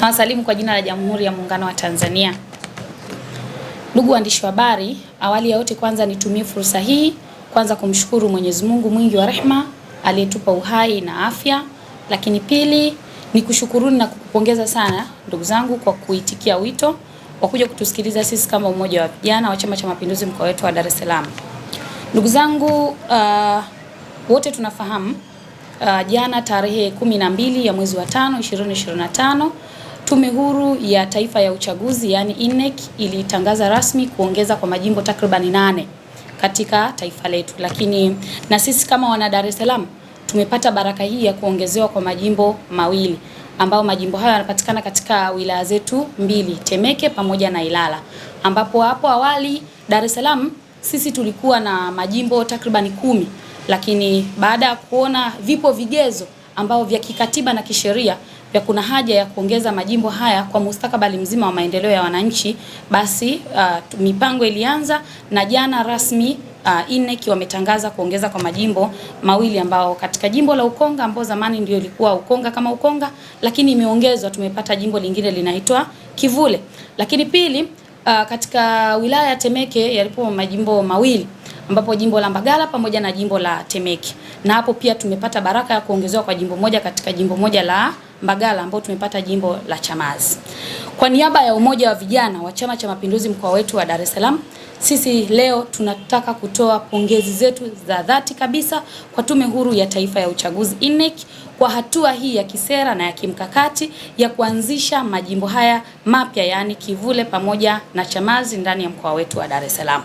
Nawasalimu kwa jina la Jamhuri ya Muungano wa Tanzania. Ndugu waandishi wa habari, awali ya yote kwanza nitumie fursa hii kwanza kumshukuru Mwenyezi Mungu mwingi wa rehema aliyetupa uhai na afya, lakini pili ni kushukuruni na kukupongeza sana ndugu zangu kwa kuitikia wito wa kuja kutusikiliza sisi kama Umoja wa Vijana wa Chama cha Mapinduzi mkoa wetu wa Dar es Salaam. Ndugu zangu, uh, wote tunafahamu uh, jana tarehe kumi na mbili ya mwezi wa tano 2025 Tume Huru ya Taifa ya Uchaguzi yani INEC ilitangaza rasmi kuongeza kwa majimbo takribani nane katika taifa letu, lakini na sisi kama wana Dar es Salaam tumepata baraka hii ya kuongezewa kwa majimbo mawili ambao majimbo hayo yanapatikana katika wilaya zetu mbili, Temeke pamoja na Ilala, ambapo hapo awali Dar es Salaam sisi tulikuwa na majimbo takribani kumi, lakini baada ya kuona vipo vigezo ambao vya kikatiba na kisheria vya kuna haja ya kuongeza majimbo haya kwa mustakabali mzima wa maendeleo ya wananchi, basi uh, mipango ilianza na jana rasmi uh, INEC wametangaza kuongeza kwa majimbo mawili ambao katika jimbo la Ukonga ambao zamani ndio ilikuwa Ukonga kama Ukonga, lakini imeongezwa, tumepata jimbo lingine linaitwa Kivule. Lakini pili, uh, katika wilaya ya Temeke yalipo majimbo mawili ambapo jimbo la Mbagala pamoja na jimbo la Temeke, na hapo pia tumepata baraka ya kuongezewa kwa jimbo moja katika jimbo moja la Mbagala ambao tumepata jimbo la Chamazi. Kwa niaba ya umoja wa vijana wa Chama cha Mapinduzi mkoa wetu wa Dar es Salaam, sisi leo tunataka kutoa pongezi zetu za dhati kabisa kwa Tume Huru ya Taifa ya Uchaguzi INEC kwa hatua hii ya kisera na ya kimkakati ya kuanzisha majimbo haya mapya yaani Kivule pamoja na Chamazi ndani ya mkoa wetu wa Dar es Salaam.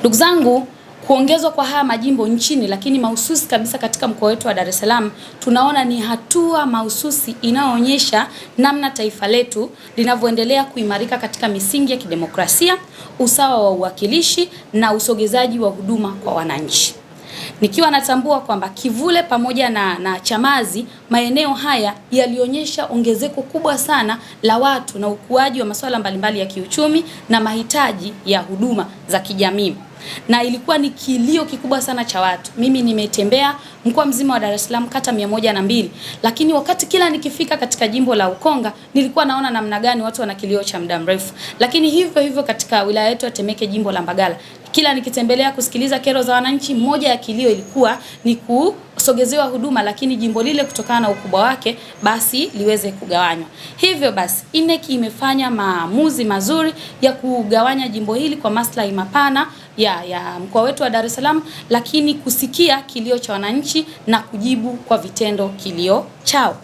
Ndugu zangu Kuongezwa kwa haya majimbo nchini, lakini mahususi kabisa katika mkoa wetu wa Dar es Salaam, tunaona ni hatua mahususi inayoonyesha namna taifa letu linavyoendelea kuimarika katika misingi ya kidemokrasia, usawa wa uwakilishi na usogezaji wa huduma kwa wananchi. Nikiwa natambua kwamba Kivule pamoja na, na Chamazi maeneo haya yalionyesha ongezeko kubwa sana la watu na ukuaji wa masuala mbalimbali ya kiuchumi na mahitaji ya huduma za kijamii na ilikuwa ni kilio kikubwa sana cha watu. Mimi nimetembea mkoa mzima wa Dar es Salaam kata mia moja na mbili, lakini wakati kila nikifika katika jimbo la Ukonga nilikuwa naona namna gani watu wana kilio cha muda mrefu, lakini hivyo hivyo katika wilaya yetu ya Temeke jimbo la Mbagala kila nikitembelea kusikiliza kero za wananchi, moja ya kilio ilikuwa ni kusogezewa huduma, lakini jimbo lile kutokana na ukubwa wake basi liweze kugawanywa. Hivyo basi INEC imefanya maamuzi mazuri ya kugawanya jimbo hili kwa maslahi mapana ya, ya mkoa wetu wa Dar es Salaam, lakini kusikia kilio cha wananchi na kujibu kwa vitendo kilio chao.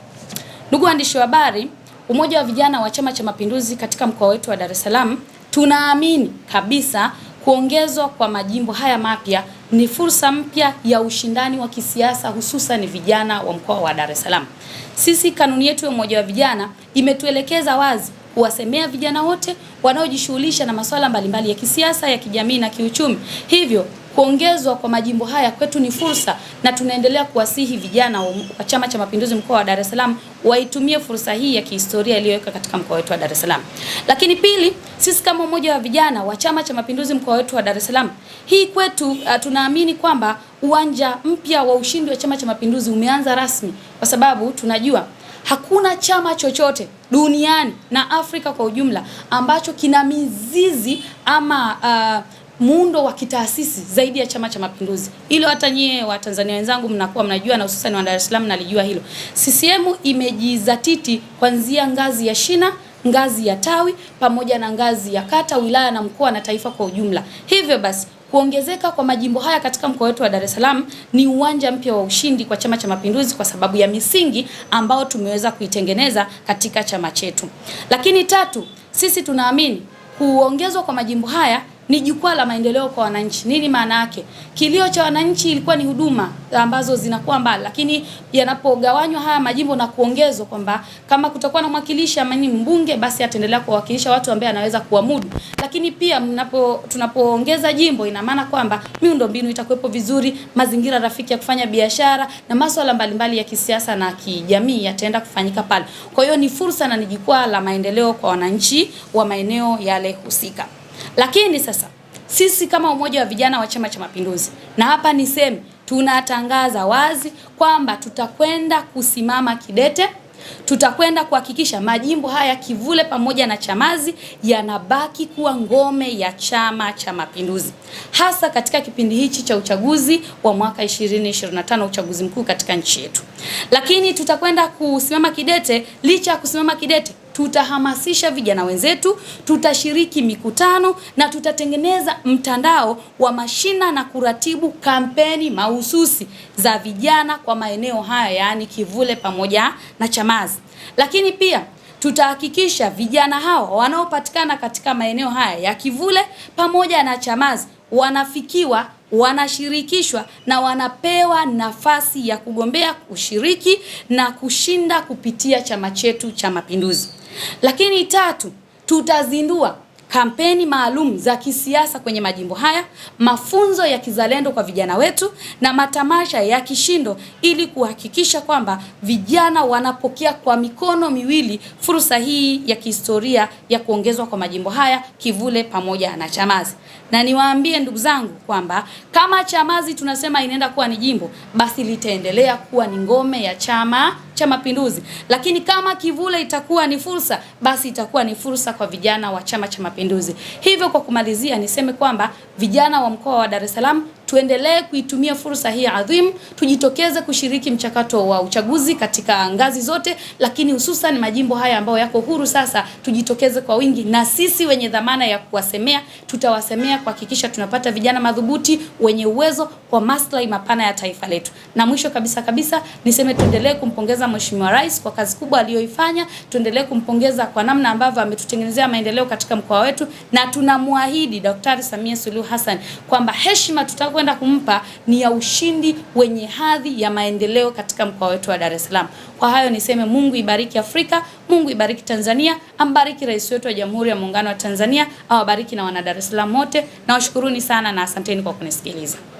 Ndugu waandishi wa habari, Umoja wa Vijana wa Chama cha Mapinduzi katika mkoa wetu wa Dar es Salaam tunaamini kabisa kuongezwa kwa majimbo haya mapya ni fursa mpya ya ushindani wa kisiasa hususan vijana wa mkoa wa Dar es Salaam. Sisi kanuni yetu ya Umoja wa Vijana imetuelekeza wazi kuwasemea vijana wote wanaojishughulisha na masuala mbalimbali ya kisiasa, ya kijamii na kiuchumi. Hivyo kuongezwa kwa majimbo haya kwetu ni fursa, na tunaendelea kuwasihi vijana wa Chama cha Mapinduzi mkoa wa Dar es Salaam waitumie fursa hii ya kihistoria iliyoweka katika mkoa wetu wa Dar es Salaam. Lakini pili, sisi kama umoja wa vijana wa Chama cha Mapinduzi mkoa wetu wa Dar es Salaam, hii kwetu uh, tunaamini kwamba uwanja mpya wa ushindi wa Chama cha Mapinduzi umeanza rasmi, kwa sababu tunajua Hakuna chama chochote duniani na Afrika kwa ujumla ambacho kina mizizi ama uh, muundo wa kitaasisi zaidi ya Chama cha Mapinduzi. Hilo hata nyie Watanzania wenzangu mnakuwa mnajua, na hususan wa Dar es Salaam nalijua hilo. CCM imejizatiti kuanzia ngazi ya shina, ngazi ya tawi, pamoja na ngazi ya kata, wilaya na mkoa na taifa kwa ujumla. Hivyo basi Kuongezeka kwa majimbo haya katika mkoa wetu wa Dar es Salaam ni uwanja mpya wa ushindi kwa Chama cha Mapinduzi kwa sababu ya misingi ambayo tumeweza kuitengeneza katika chama chetu. Lakini tatu, sisi tunaamini kuongezwa kwa majimbo haya ni jukwaa la maendeleo kwa wananchi. Nini maana yake? Kilio cha wananchi ilikuwa ni huduma ambazo zinakuwa mbali, lakini yanapogawanywa haya majimbo na kuongezwa kwamba kama kutakuwa na mwakilishi ama ni mbunge, basi ataendelea kuwakilisha watu ambao anaweza kuamudu. Lakini pia mnapo tunapoongeza jimbo, ina maana kwamba miundombinu itakuwepo vizuri, mazingira rafiki ya kufanya biashara na masuala mbalimbali ya kisiasa na kijamii yataenda kufanyika pale. Kwa hiyo ni fursa na ni jukwaa la maendeleo kwa wananchi wa maeneo yale husika. Lakini sasa sisi kama umoja wa vijana wa Chama cha Mapinduzi, na hapa niseme tunatangaza wazi kwamba tutakwenda kusimama kidete, tutakwenda kuhakikisha majimbo haya Kivule pamoja na Chamazi yanabaki kuwa ngome ya Chama cha Mapinduzi, hasa katika kipindi hichi cha uchaguzi wa mwaka 2025 uchaguzi mkuu katika nchi yetu. Lakini tutakwenda kusimama kidete, licha ya kusimama kidete tutahamasisha vijana wenzetu, tutashiriki mikutano na tutatengeneza mtandao wa mashina na kuratibu kampeni mahususi za vijana kwa maeneo haya, yaani Kivule pamoja na Chamazi. Lakini pia tutahakikisha vijana hawa wanaopatikana katika maeneo haya ya Kivule pamoja na Chamazi wanafikiwa wanashirikishwa na wanapewa nafasi ya kugombea, kushiriki na kushinda kupitia chama chetu cha Mapinduzi. Lakini tatu, tutazindua kampeni maalum za kisiasa kwenye majimbo haya, mafunzo ya kizalendo kwa vijana wetu na matamasha ya kishindo ili kuhakikisha kwamba vijana wanapokea kwa mikono miwili fursa hii ya kihistoria ya kuongezwa kwa majimbo haya Kivule pamoja na Chamazi. Na niwaambie ndugu zangu kwamba kama Chamazi tunasema inaenda kuwa ni jimbo, basi litaendelea kuwa ni ngome ya chama cha Mapinduzi, lakini kama kivule itakuwa ni fursa, basi itakuwa ni fursa kwa vijana wa Chama cha Mapinduzi. Hivyo kwa kumalizia, niseme kwamba vijana wa mkoa wa Dar es Salaam tuendelee kuitumia fursa hii adhimu, tujitokeze kushiriki mchakato wa uchaguzi katika ngazi zote, lakini hususan majimbo haya ambayo yako huru sasa, tujitokeze kwa wingi, na sisi wenye dhamana ya kuwasemea tutawasemea, kuhakikisha tunapata vijana madhubuti wenye uwezo kwa maslahi mapana ya taifa letu. Na mwisho kabisa kabisa niseme tuendelee kumpongeza Mheshimiwa Rais kwa kazi kubwa aliyoifanya, tuendelee kumpongeza kwa namna ambavyo ametutengenezea maendeleo katika mkoa wetu, na tunamwahidi Daktari Samia Suluhu Hassan kwamba heshima tuta kwenda kumpa ni ya ushindi wenye hadhi ya maendeleo katika mkoa wetu wa Dar es Salaam. Kwa hayo niseme Mungu ibariki Afrika, Mungu ibariki Tanzania, ambariki rais wetu wa Jamhuri ya Muungano wa Tanzania, awabariki na wana Dar es Salaam wote. Nawashukuruni sana na asanteni kwa kunisikiliza.